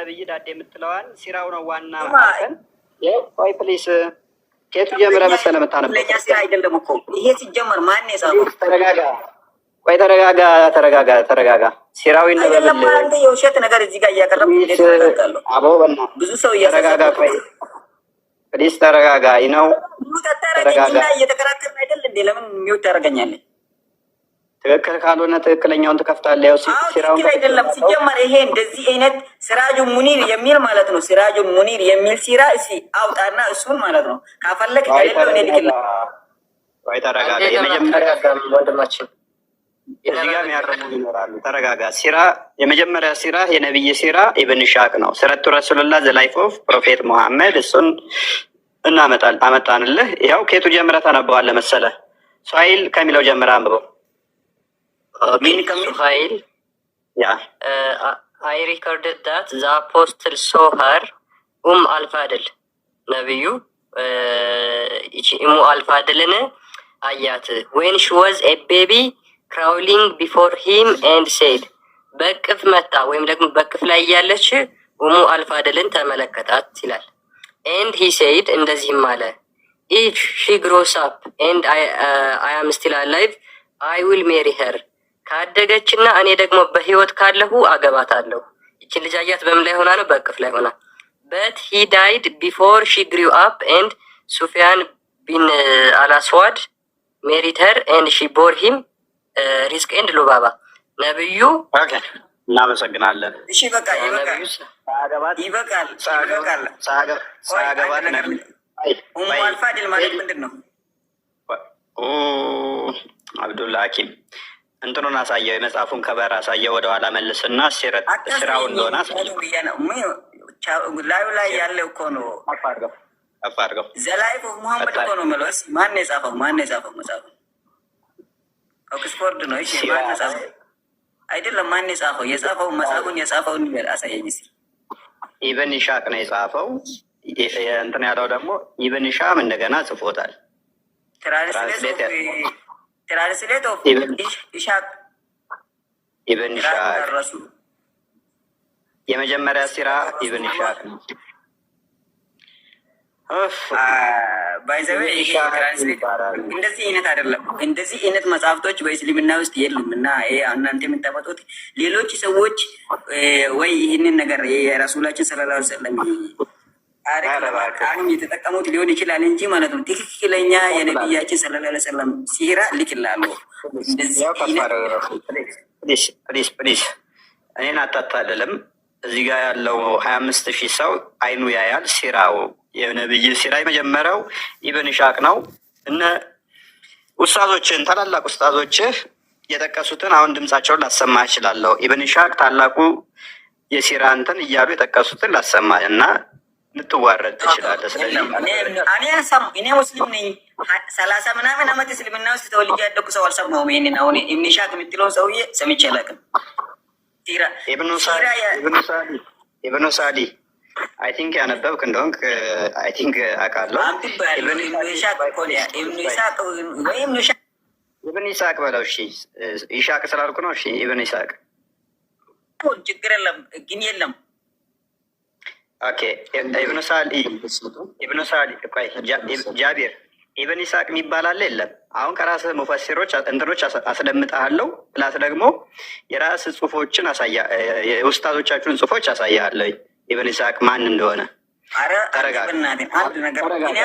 ነብይ ዳዴ የምትለዋል ሲራው ነው ዋና ይ ፕሊስ ከየቱ ጀምረ መሰለ መታነለኛ ሲራ አይደለም እኮ ይሄ ሲጀመር ማን ተረጋጋ፣ ቆይ ተረጋጋ፣ ተረጋጋ፣ ተረጋጋ። ሲራዊ የውሸት ነገር እዚህ ጋር እያቀረብ በና ብዙ ሰው እያረጋጋ፣ ቆይ ፕሊስ ተረጋጋ። ይነው ተረጋጋ። እየተከራከርን አይደል እንዴ? ለምን የሚወት ያደርገኛለን? ትክክል ካልሆነ ትክክለኛውን ትከፍታለ። ያው ትክክል አይደለም ሲጀመር። ይሄ እንደዚህ አይነት ሲራጁን ሙኒር የሚል ማለት ነው። ሲራጁን ሙኒር የሚል ሲራ እስኪ አውጣና እሱን ማለት ነው ካፈለክ ከሌለው እኔ ልክል ወይ ተረጋጋ። የመጀመሪያ ወንድማችን እዚህ ጋር የሚያረሙ ይኖራሉ። ተረጋጋ። ሲራ የመጀመሪያ ሲራ የነብይ ሲራ ኢብን ሻቅ ነው። ሲረቱ ረሱልላ ዘላይፍ ኦፍ ፕሮፌት ሙሐመድ እሱን እናመጣል አመጣንልህ። ያው ኬቱ ጀምረ ታነበዋለህ መሰለ ሳይል ከሚለው ጀምረ አንብበው file. Yeah. Uh, I recorded that the apostle um uh, saw uh, her Um አልፋድል ነቢዩ እሙ አልፋድልን አያት ዌን ሽ ወዝ ኤ ቤቢ ክራውሊንግ ቢፎር ሂም ኤንድ ሴድ በቅፍ መጣ ወይም ደግሞ በቅፍ ላይ እያለች ኡሙ አልፋድልን ተመለከታት ይላል። ኤንድ ሂ ሴድ እንደዚህም አለ ኢፍ ሺ ግሮስ አፕ ኤንድ አይ አም ስቲል አላይቭ አይ ዊል ሜሪ ሄር ታደገችና እኔ ደግሞ በህይወት ካለሁ አገባታለሁ። ይችን ልጅ አያት፣ በምን ላይ ሆና ነው? በእቅፍ ላይ ሆና በት ሂ ዳይድ ቢፎር ሺ ግሪው አፕ ኤንድ ሱፊያን ቢን አላስዋድ ሜሪተር ሄር ኤንድ ሺ ቦር ሂም ሪስክ ኤንድ ሉባባ ነብዩ እናመሰግናለን። እሺ በቃ ይበቃል፣ ማለት ምንድን ነው? አብዱላ ሀኪም እንትኑን አሳየው የመጽሐፉን ከበር አሳየው። ወደኋላ መልስና ስራው እንደሆነ ላዩ ላይ ያለው እኮ ነው። አፋርገው ዘላይፍ ሙሐመድ እኮ ነው መለስ። ማን የጻፈው? ማን የጻፈው መጽሐፉ? ኦክስፎርድ ነው። እሺ ማን የጻፈው? አይደለም ማን የጻፈው? የጻፈው መጽሐፉን የጻፈውን ይበል አሳየኝ እስኪ። ኢብን ሻቅ ነው የጻፈው። እንትን ያለው ደግሞ ኢብን ሻም እንደገና ጽፎታል። ትራንስሌት Translate of ኢሻቅ ኢብን ኢሻቅ የመጀመሪያ ሲራ ኢብን ኢሻቅ ነው። እንደዚህ አይነት አይደለም። እንደዚህ አይነት መጽሐፍቶች በእስልምና ውስጥ የሉም እና እናንተ የምታመጡት ሌሎች ሰዎች ወይ ይህንን ነገር የረሱላችን ሰለላሁ ዐለይሂ ወሰለም አሁን የተጠቀሙት ሊሆን ይችላል እንጂ ማለት ነው። ትክክለኛ የነቢያችን ሰለላ ሰለም ሲራ ልክላሉ። እኔን አጣት አይደለም። እዚህ ጋር ያለው ሀያ አምስት ሺህ ሰው አይኑ ያያል። ሲራው የነብይ ሲራ የመጀመሪያው ኢብን ሻቅ ነው። እነ ውስታዞችን ታላላቅ ኡስታዞችህ የጠቀሱትን አሁን ድምጻቸውን ላሰማ እችላለሁ። ኢብን ኢሻቅ ታላቁ የሲራ እንትን እያሉ የጠቀሱትን ላሰማ እና ልትዋረድ ትችላለህ። ስለዚህ እኔ ሙስሊም ነኝ ሰላሳ ምናምን አመት እስልምና ውስጥ ተወልጄ ያደኩ ሰው አልሰማሁም። ይህንን አሁን ኢብንሻክ የምትለውን ሰውዬ ሰምቼ አላውቅም። ኢብኑ ሳዲ አይ ቲንክ ያነበብክ እንደሆንክ አይ uh, ቲንክ uh, አውቃለሁ። ኢብን ይስሐቅ በለው። እሺ ይሻቅ ስላልኩ ነው። እሺ ኢብን ይስሐቅ ችግር የለም ግን የለም ኢብኑ ሳል ኢብኑ ሳል ጃቢር ኢብን ይስሐቅ የሚባል አለ የለም? አሁን ከራስ ሙፈሲሮች እንትኖች አስደምጠሃለው፣ ፕላስ ደግሞ የራስ ጽሁፎችን የኡስታዞቻችሁን ጽሁፎች አሳያለኝ ኢብን ይስሐቅ ማን እንደሆነ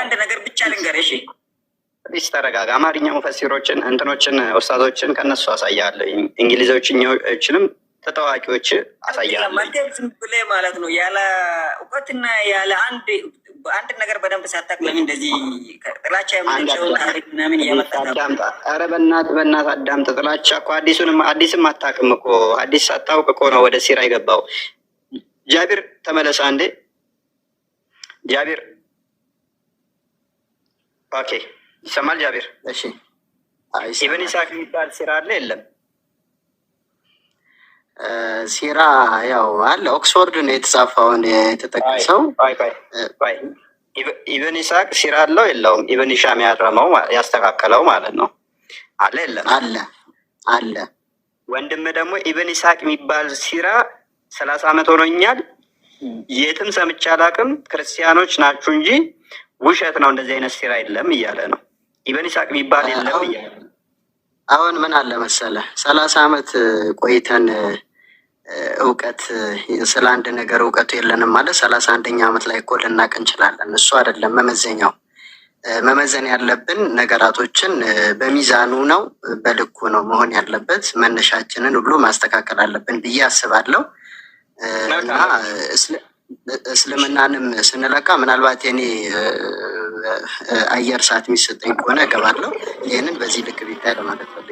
አንድ ነገር ብቻ ልንገር እሺ ተረጋጋ። አማርኛ ሙፈሲሮችን እንትኖችን ውስታቶችን ከነሱ አሳያለሁ። እንግሊዞችኛችንም ተጠዋቂዎች አሳያለ ማለት ነው። ያለ እውቀትና ያለ አንድ አንድ ነገር በደንብ ሳታቅ ለምን እንደዚህ ጥላቻ ምናምን እያመጣዳምጣ? ኧረ በእናትህ በእናትህ አዳምጥ። ጥላቻ እኮ አዲሱን አዲስም አታውቅም እኮ አዲስ ሳታውቅ እኮ ነው ወደ ሲራ የገባው። ጃቢር ተመለሰ አንዴ ጃቢር። ኦኬ ይሰማል ጃቢር። እሺ ኢብን ኢሳቅ የሚባል ሲራ አለ የለም? ሲራ ያው አለ ኦክስፎርድ ነው የተጻፈውን የተጠቀሰው። ኢብን ኢሳቅ ሲራ አለው የለውም? ኢብን ሂሻም ያረመው ያስተካከለው ማለት ነው። አለ የለም? አለ አለ። ወንድም ደግሞ ኢብን ኢሳቅ የሚባል ሲራ ሰላሳ ዓመት ሆኖኛል፣ የትም ሰምቼ አላቅም። ክርስቲያኖች ናችሁ እንጂ ውሸት ነው፣ እንደዚህ አይነት ሲራ የለም እያለ ነው። ኢብን ኢስሐቅ የሚባል የለም እያለ አሁን ምን አለ መሰለ ሰላሳ ዓመት ቆይተን እውቀት ስለ አንድ ነገር እውቀቱ የለንም ማለት ሰላሳ አንደኛ ዓመት ላይ እኮ ልናቅ እንችላለን። እሱ አይደለም መመዘኛው። መመዘን ያለብን ነገራቶችን በሚዛኑ ነው፣ በልኩ ነው መሆን ያለበት። መነሻችንን ሁሉ ማስተካከል አለብን ብዬ አስባለሁ እና እስልምናንም ስንለካ ምናልባት የኔ አየር ሰዓት የሚሰጠኝ ከሆነ እገባለሁ። ይህንን በዚህ ልክ ቢታይ ለማለት ነው።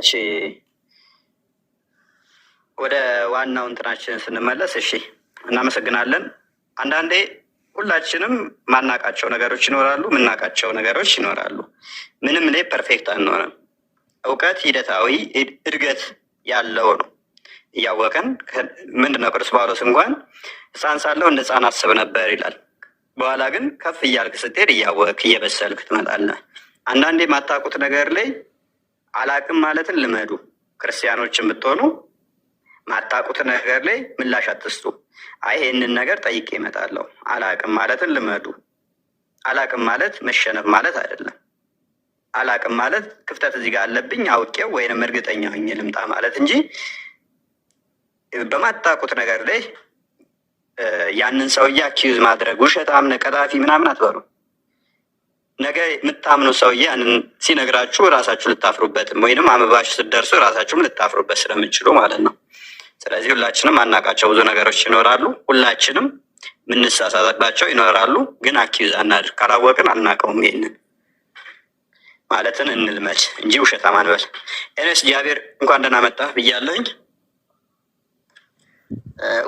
እሺ ወደ ዋናው እንትናችን ስንመለስ፣ እሺ እናመሰግናለን። አንዳንዴ ሁላችንም ማናቃቸው ነገሮች ይኖራሉ፣ ምናቃቸው ነገሮች ይኖራሉ። ምንም ላይ ፐርፌክት አንሆንም። እውቀት ሂደታዊ እድገት ያለው ነው። እያወቅን ምንድነው ቅዱስ ጳውሎስ እንኳን ህፃን ሳለው እንደ ህፃን አስብ ነበር ይላል። በኋላ ግን ከፍ እያልክ ስትሄድ እያወቅ እየበሰልክ ትመጣለህ። አንዳንዴ የማታውቁት ነገር ላይ አላቅም ማለትን ልመዱ። ክርስቲያኖች የምትሆኑ ማታቁት ነገር ላይ ምላሽ አትስጡ። አይ ይህንን ነገር ጠይቄ እመጣለሁ። አላቅም ማለትን ልመዱ። አላቅም ማለት መሸነፍ ማለት አይደለም። አላቅም ማለት ክፍተት እዚህ ጋር አለብኝ አውቄው ወይንም እርግጠኛ ሆኜ ልምጣ ማለት እንጂ በማታቁት ነገር ላይ ያንን ሰውዬ አኪዩዝ ማድረግ ውሸታም ቀጣፊ ምናምን አትበሉ። ነገ የምታምኑ ሰውዬ ያንን ሲነግራችሁ እራሳችሁ ልታፍሩበትም ወይንም አመባችሁ ስትደርሱ እራሳችሁም ልታፍሩበት ስለምችሉ ማለት ነው። ስለዚህ ሁላችንም አናቃቸው ብዙ ነገሮች ይኖራሉ። ሁላችንም ምንሳሳታቸው ይኖራሉ። ግን አኪዝ አናድር። ካላወቅን አናቀውም። ይሄንን ማለትን እንልመድ እንጂ ውሸታ ማንበል። ኤነስ ጃቤር እንኳን ደህና መጣ ብያለሁኝ።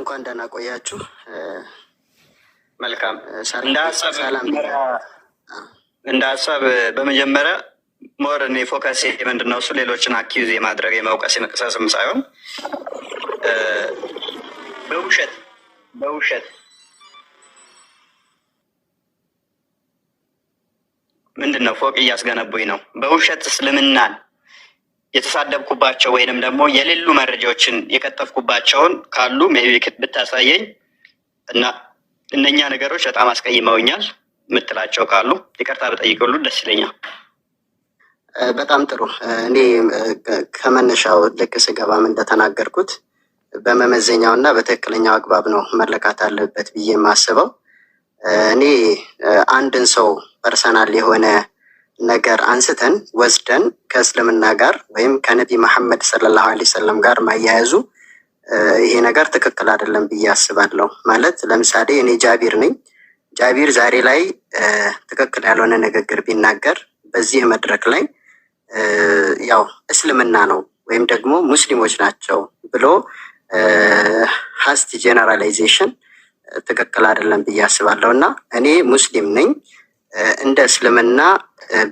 እንኳን ደህና ቆያችሁ። መልካም እንደ ሀሳብ እንደ ሀሳብ በመጀመሪያ ሞር እኔ ፎከስ ምንድን ነው እሱ ሌሎችን አኪዝ የማድረግ የመውቀስ የመቀሰስም ሳይሆን በውሸት በውሸት ምንድን ነው ፎቅ እያስገነቡኝ ነው። በውሸት እስልምናን የተሳደብኩባቸው ወይንም ደግሞ የሌሉ መረጃዎችን የቀጠፍኩባቸውን ካሉ ብታሳየኝ እና እነኛ ነገሮች በጣም አስቀይመውኛል። የምትላቸው ካሉ ይቅርታ ብጠይቅሉ ደስ ይለኛል። በጣም ጥሩ። እኔ ከመነሻው ልክ ስገባም እንደተናገርኩት በመመዘኛው እና በትክክለኛው አግባብ ነው መለካት አለበት ብዬ የማስበው። እኔ አንድን ሰው ፐርሰናል የሆነ ነገር አንስተን ወስደን ከእስልምና ጋር ወይም ከነቢ መሐመድ ሰለላሁ ዐለይሂ ወሰለም ጋር ማያያዙ ይሄ ነገር ትክክል አይደለም ብዬ አስባለሁ። ማለት ለምሳሌ እኔ ጃቢር ነኝ ጃቢር ዛሬ ላይ ትክክል ያልሆነ ንግግር ቢናገር በዚህ መድረክ ላይ ያው እስልምና ነው ወይም ደግሞ ሙስሊሞች ናቸው ብሎ ሀስት ጄነራላይዜሽን ትክክል አይደለም ብዬ አስባለሁ። እና እኔ ሙስሊም ነኝ እንደ እስልምና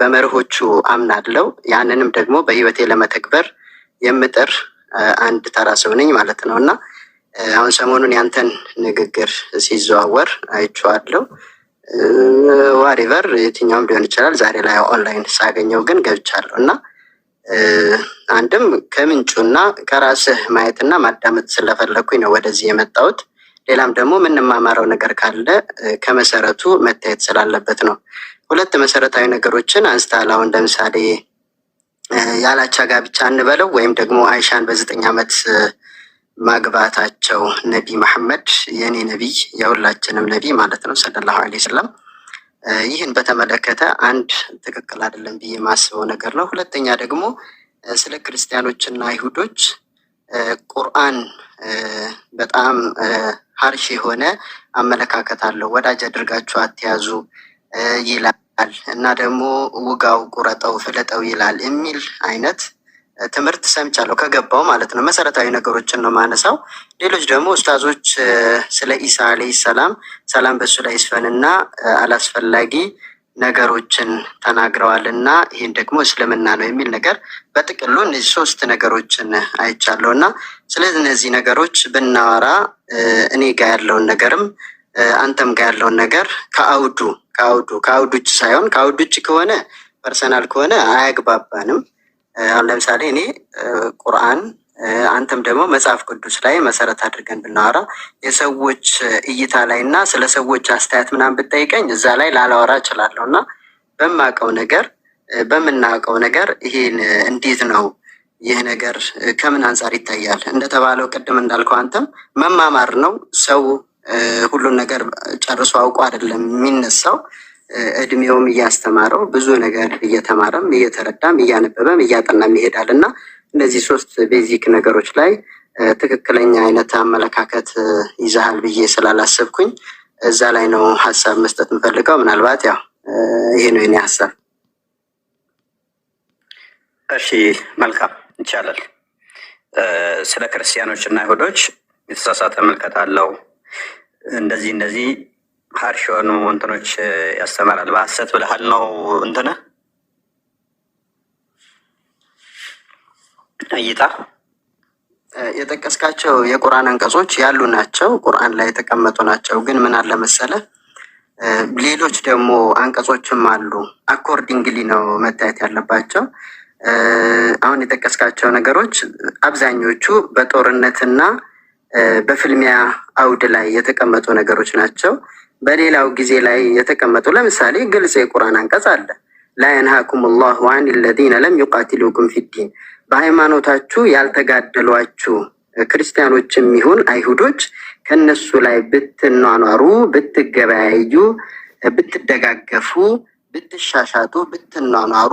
በመርሆቹ አምናለሁ። ያንንም ደግሞ በህይወቴ ለመተግበር የምጥር አንድ ተራ ሰው ነኝ ማለት ነው እና አሁን ሰሞኑን ያንተን ንግግር ሲዘዋወር አይቼዋለሁ። ዋሪቨር የትኛውም ሊሆን ይችላል። ዛሬ ላይ ኦንላይን ሳገኘው ግን ገብቻለሁ እና አንድም ከምንጩና ከራስህ ማየትና ማዳመጥ ስለፈለግኩኝ ነው ወደዚህ የመጣሁት። ሌላም ደግሞ የምንማማረው ነገር ካለ ከመሰረቱ መታየት ስላለበት ነው። ሁለት መሰረታዊ ነገሮችን አንስተሃል። አሁን ለምሳሌ ያላቻ ጋብቻ እንበለው ወይም ደግሞ አይሻን በዘጠኝ ዓመት ማግባታቸው ነቢ መሐመድ የእኔ ነቢይ የሁላችንም ነቢይ ማለት ነው ሰለላሁ ዐለይሂ ወሰለም ይህን በተመለከተ አንድ ትክክል አይደለም ብዬ የማስበው ነገር ነው። ሁለተኛ ደግሞ ስለ ክርስቲያኖችና አይሁዶች ቁርአን በጣም ሀርሽ የሆነ አመለካከት አለው። ወዳጅ አድርጋችሁ አትያዙ ይላል እና ደግሞ ውጋው፣ ቁረጠው፣ ፍለጠው ይላል የሚል አይነት ትምህርት ሰምቻለሁ ከገባው ማለት ነው። መሰረታዊ ነገሮችን ነው ማነሳው። ሌሎች ደግሞ ኡስታዞች ስለ ኢሳ አለይሂ ሰላም ሰላም በሱ ላይ ይስፈን እና አላስፈላጊ ነገሮችን ተናግረዋል እና ይህን ደግሞ እስልምና ነው የሚል ነገር በጥቅሉ እነዚህ ሶስት ነገሮችን አይቻለሁ እና ስለ እነዚህ ነገሮች ብናወራ እኔ ጋ ያለውን ነገርም አንተም ጋ ያለውን ነገር ከአውዱ ከአውዱ ከአውዱ ውጭ ሳይሆን ከአውዱ ውጭ ከሆነ ፐርሰናል ከሆነ አያግባባንም። አሁን ለምሳሌ እኔ ቁርአን አንተም ደግሞ መጽሐፍ ቅዱስ ላይ መሰረት አድርገን ብናወራ የሰዎች እይታ ላይ እና ስለ ሰዎች አስተያየት ምናምን ብጠይቀኝ እዛ ላይ ላላወራ እችላለሁ እና በማውቀው ነገር በምናውቀው ነገር ይሄን እንዴት ነው ይህ ነገር ከምን አንጻር ይታያል? እንደተባለው ቅድም እንዳልከው አንተም መማማር ነው። ሰው ሁሉን ነገር ጨርሶ አውቆ አይደለም የሚነሳው። እድሜውም እያስተማረው ብዙ ነገር እየተማረም እየተረዳም እያነበበም እያጠናም ይሄዳል እና እነዚህ ሶስት ቤዚክ ነገሮች ላይ ትክክለኛ አይነት አመለካከት ይዛሃል ብዬ ስላላሰብኩኝ እዛ ላይ ነው ሀሳብ መስጠት የምፈልገው። ምናልባት ያው ይሄ ነው የኔ ሀሳብ። እሺ፣ መልካም ይቻላል። ስለ ክርስቲያኖች እና አይሁዶች የተሳሳተ ምልከታ አለው እንደዚህ እንደዚህ ሀርሽ የሆኑ እንትኖች ያስተምራል። በሀሰት ብልሃል ነው እንትነ እይታ የጠቀስካቸው የቁርአን አንቀጾች ያሉ ናቸው፣ ቁርአን ላይ የተቀመጡ ናቸው። ግን ምን አለ መሰለ ሌሎች ደግሞ አንቀጾችም አሉ። አኮርዲንግሊ ነው መታየት ያለባቸው። አሁን የጠቀስካቸው ነገሮች አብዛኞቹ በጦርነትና በፍልሚያ አውድ ላይ የተቀመጡ ነገሮች ናቸው። በሌላው ጊዜ ላይ የተቀመጡ ለምሳሌ ግልጽ የቁርአን አንቀጽ አለ። ላየንሃኩም ላሁ አን ለዚነ ለም ዩቃትሉኩም ፊዲን በሃይማኖታችሁ ያልተጋደሏችሁ ክርስቲያኖችም ይሁን አይሁዶች ከነሱ ላይ ብትኗኗሩ፣ ብትገበያዩ፣ ብትደጋገፉ፣ ብትሻሻጡ፣ ብትኗኗሩ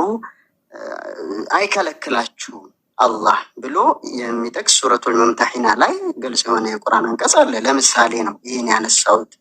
አይከለክላችሁም አላህ ብሎ የሚጠቅስ ሱረቱል ሙምተሒና ላይ ግልጽ የሆነ የቁርአን አንቀጽ አለ። ለምሳሌ ነው ይህን ያነሳሁት።